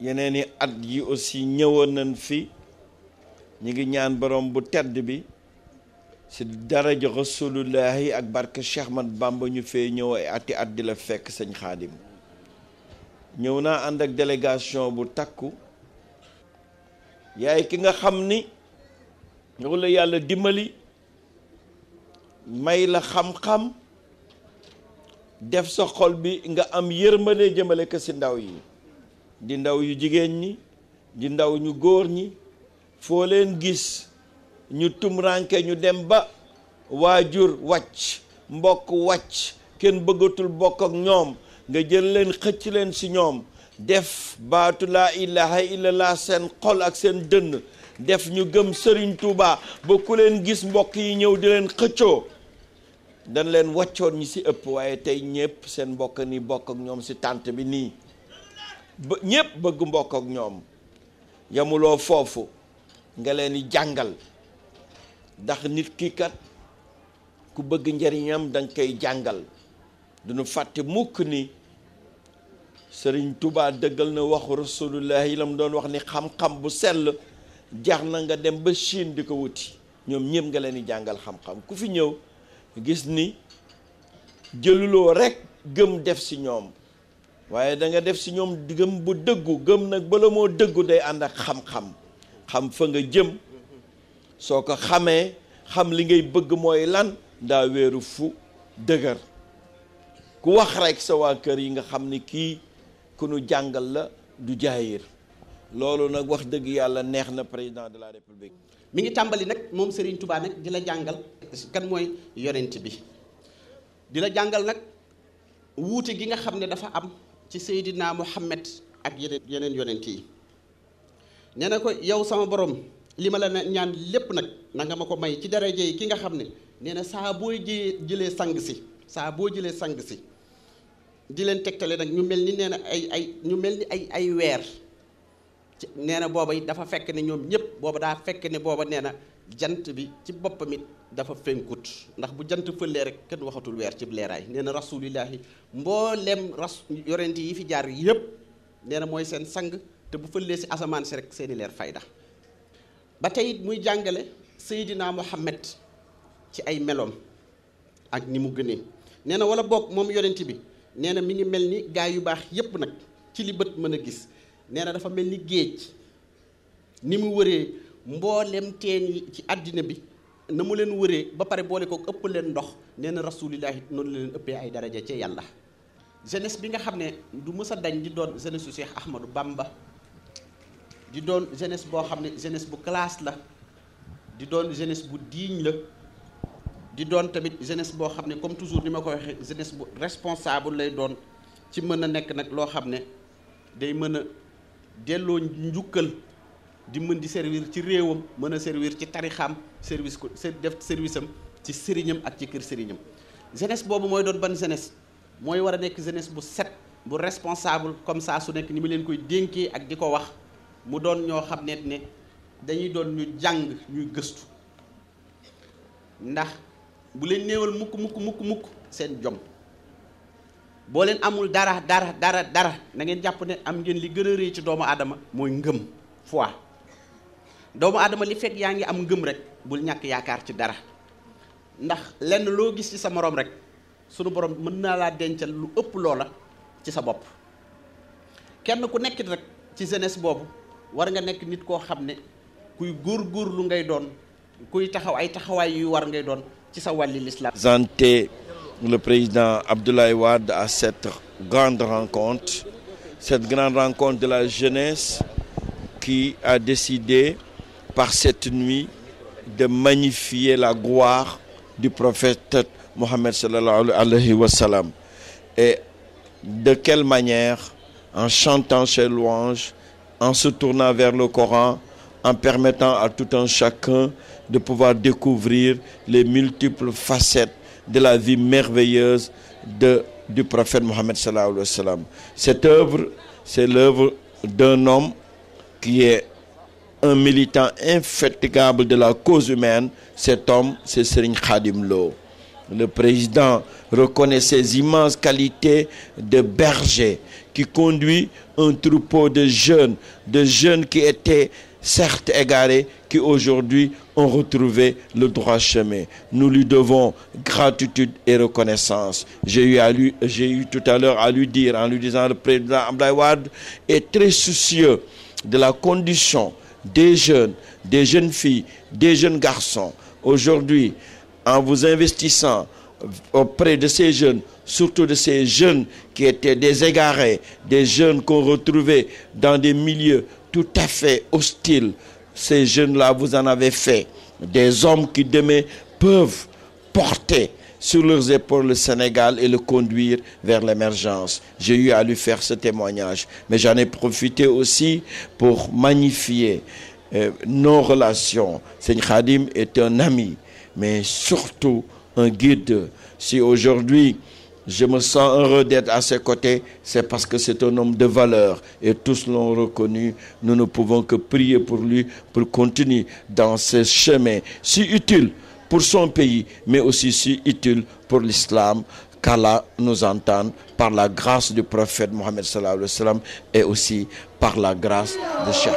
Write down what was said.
yeneen i at yi aussi ñëwoon nañ fi ñu ngi ñaan borom bu tedd bi ci daraja rasulullahi ak barke Cheikh Bamba ñu fee ñëw ay ati at di la fekk sëñ Xaadim ñëw naa ànd ak délégation bu takku yaay ki nga xam ni yow la yàlla dimbali may la xam-xam def sa xol bi nga am yërmande jëmale ko ci ndaw yi di ndaw yu jigéen ñi di ndaw ñu góor ñi foo leen gis ñu tumuraanke ñu dem ba waajur wàcc mbokk wacc kenn bëggatul bokk ak ñoom nga jël leen xëcc leen ci ñoom def baatu laa ilaha laa seen xol ak seen dënn def ñu gëm Serigne Touba ba ku leen gis mbokk yi ñëw di leen xëccoo dañ leen waccoon ñi si ëpp waaye tey ñëpp seen mbokk ni bokk ak ñoom si tànt bi nii ñépp bëgg mbokk ak ñoom yamuloo foofu nga leen di jàngal ndax nit ki kat ku bëgg njariñam danga koy jàngal duñu fàtte mukk ni sëriñ tubaa dëggal na waxu rasulullah yi la mu doon wax ni xam-xam bu sell jar na nga dem ba Chine di ko wuti ñoom ñëpp nga leen di jàngal xam-xam ku fi ñëw gis ni jëluloo rek gëm def si ñoom waaye da nga def si ñoom gëm bu dëggu gëm nag bala moo dëggu day ànd ak xam-xam xam fa nga jëm soo ko xamee xam li ngay bëgg mooy lan ndaa wéeru fu dëgër ku wax rek sa waa kër yi nga xam ni kii ku nu jàngal la du jaayir loolu nag wax dëgg yàlla neex na président de la république. mi ngi tàmbali nag moom Serigne Touba nag di la jàngal kan mooy yonent bi di la jàngal nag wuute gi nga xam ne dafa am ci Seydina Muhammad ak yeneen yeneen yonent yi nee na ko yow sama boroom li ma la ñaan lépp nag na nga ma ko may ci daraje yi ki nga xam ne nee na saa boo jë jëlee sang si saa boo jëlee sang si di leen tegtale nag ñu mel ni nee na ay ay ñu mel ni ay ay weer. nee na booba yi dafa fekk ne ñoom ñëpp booba daa fekk ne booba nee na jant bi ci boppam it dafa fenkut ndax bu jant fëllee rek kenn waxatul weer ci leeraay nee na rasulillahi mboolem ras yorenti yi fi jaar yëpp nee na mooy seen sang te bu fëllee si asamaan si rek seeni leer fayda ba tey muy jàngale Seydina Muhammad ci ay meloom ak ni mu gënee nee na wala boog moom yonent bi nee na mi ngi mel ni gaa yu baax yëpp nag ci li bët mën a gis nee na dafa mel ni géej ni mu wëree mboolem ci àddina bi na mu leen ba pare boole ko ëpp leen ndox nee na rasulillahi noonu la leen ay daraja ci yàlla jeunesse bi nga du jeunesse Cheikh jeunesse ne jeunesse bu classe la di digne la di jeunesse comme toujours responsable delloo njukkal di mën di servir ci réewam mën a servir ci tarixaam service ko def service am ci sëriñam ak ci kër sëriñam jeunesse boobu mooy doon ban jeunesse mooy war a nekk jeunesse bu set bu responsable comme ça su nekk ni mu leen koy dénkee ak di ko wax mu doon ñoo xam ne ne dañuy doon ñu jàng ñuy gëstu ndax bu leen néewal mukk mukk mukk mukk seen jom boo leen amul dara dara dara dara na jàpp ne am ngeen li gën a rëy ci doomu aadama mooy ngëm fois doomu adama li fekk yaa ngi am ngëm rek bul ñàkk yaakaar ci dara ndax lenn loo gis ci sa moroom rek sunu borom mën naa laa dencal lu ëpp loola ci sa bopp kenn ku nekkit rek ci jeunesse boobu war nga nekk nit koo xam ne kuy góor góor lu ngay doon kuy taxaw ay taxawaay yu war ngay doon ci sa wàlli l'islam santé le président Abdoulaye Wade à cette grande rencontre, cette grande rencontre de la jeunesse qui a décidé par cette nuit de magnifier la gloire du prophète Mohammed sallallahu alayhi wa Et de quelle manière En chantant ses louanges, en se tournant vers le Coran, en permettant à tout un chacun de pouvoir découvrir les multiples facettes de la vie merveilleuse de, du prophète Mohammed Cette œuvre, c'est l'œuvre d'un homme qui est un militant infatigable de la cause humaine. Cet homme, c'est Serigne Khadim Le président reconnaît ses immenses qualités de berger qui conduit un troupeau de jeunes, de jeunes qui étaient certes égarés, qui aujourd'hui ont retrouvé le droit chemin. Nous lui devons gratitude et reconnaissance. J'ai eu, j'ai eu tout à l'heure à lui dire, en lui disant, le président Amblaïwad est très soucieux de la condition des jeunes, des jeunes filles, des jeunes garçons. Aujourd'hui, en vous investissant auprès de ces jeunes, surtout de ces jeunes qui étaient des égarés, des jeunes qu'on retrouvait dans des milieux tout à fait hostile. Ces jeunes-là, vous en avez fait. Des hommes qui demain peuvent porter sur leurs épaules le Sénégal et le conduire vers l'émergence. J'ai eu à lui faire ce témoignage, mais j'en ai profité aussi pour magnifier euh, nos relations. Seigneur Khadim est un ami, mais surtout un guide. Si aujourd'hui je me sens heureux d'être à ses côtés, c'est parce que c'est un homme de valeur et tous l'ont reconnu. Nous ne pouvons que prier pour lui, pour continuer dans ce chemin si utile pour son pays, mais aussi si utile pour l'islam. Qu'Allah nous entende par la grâce du prophète Mohammed et aussi par la grâce de Cheikh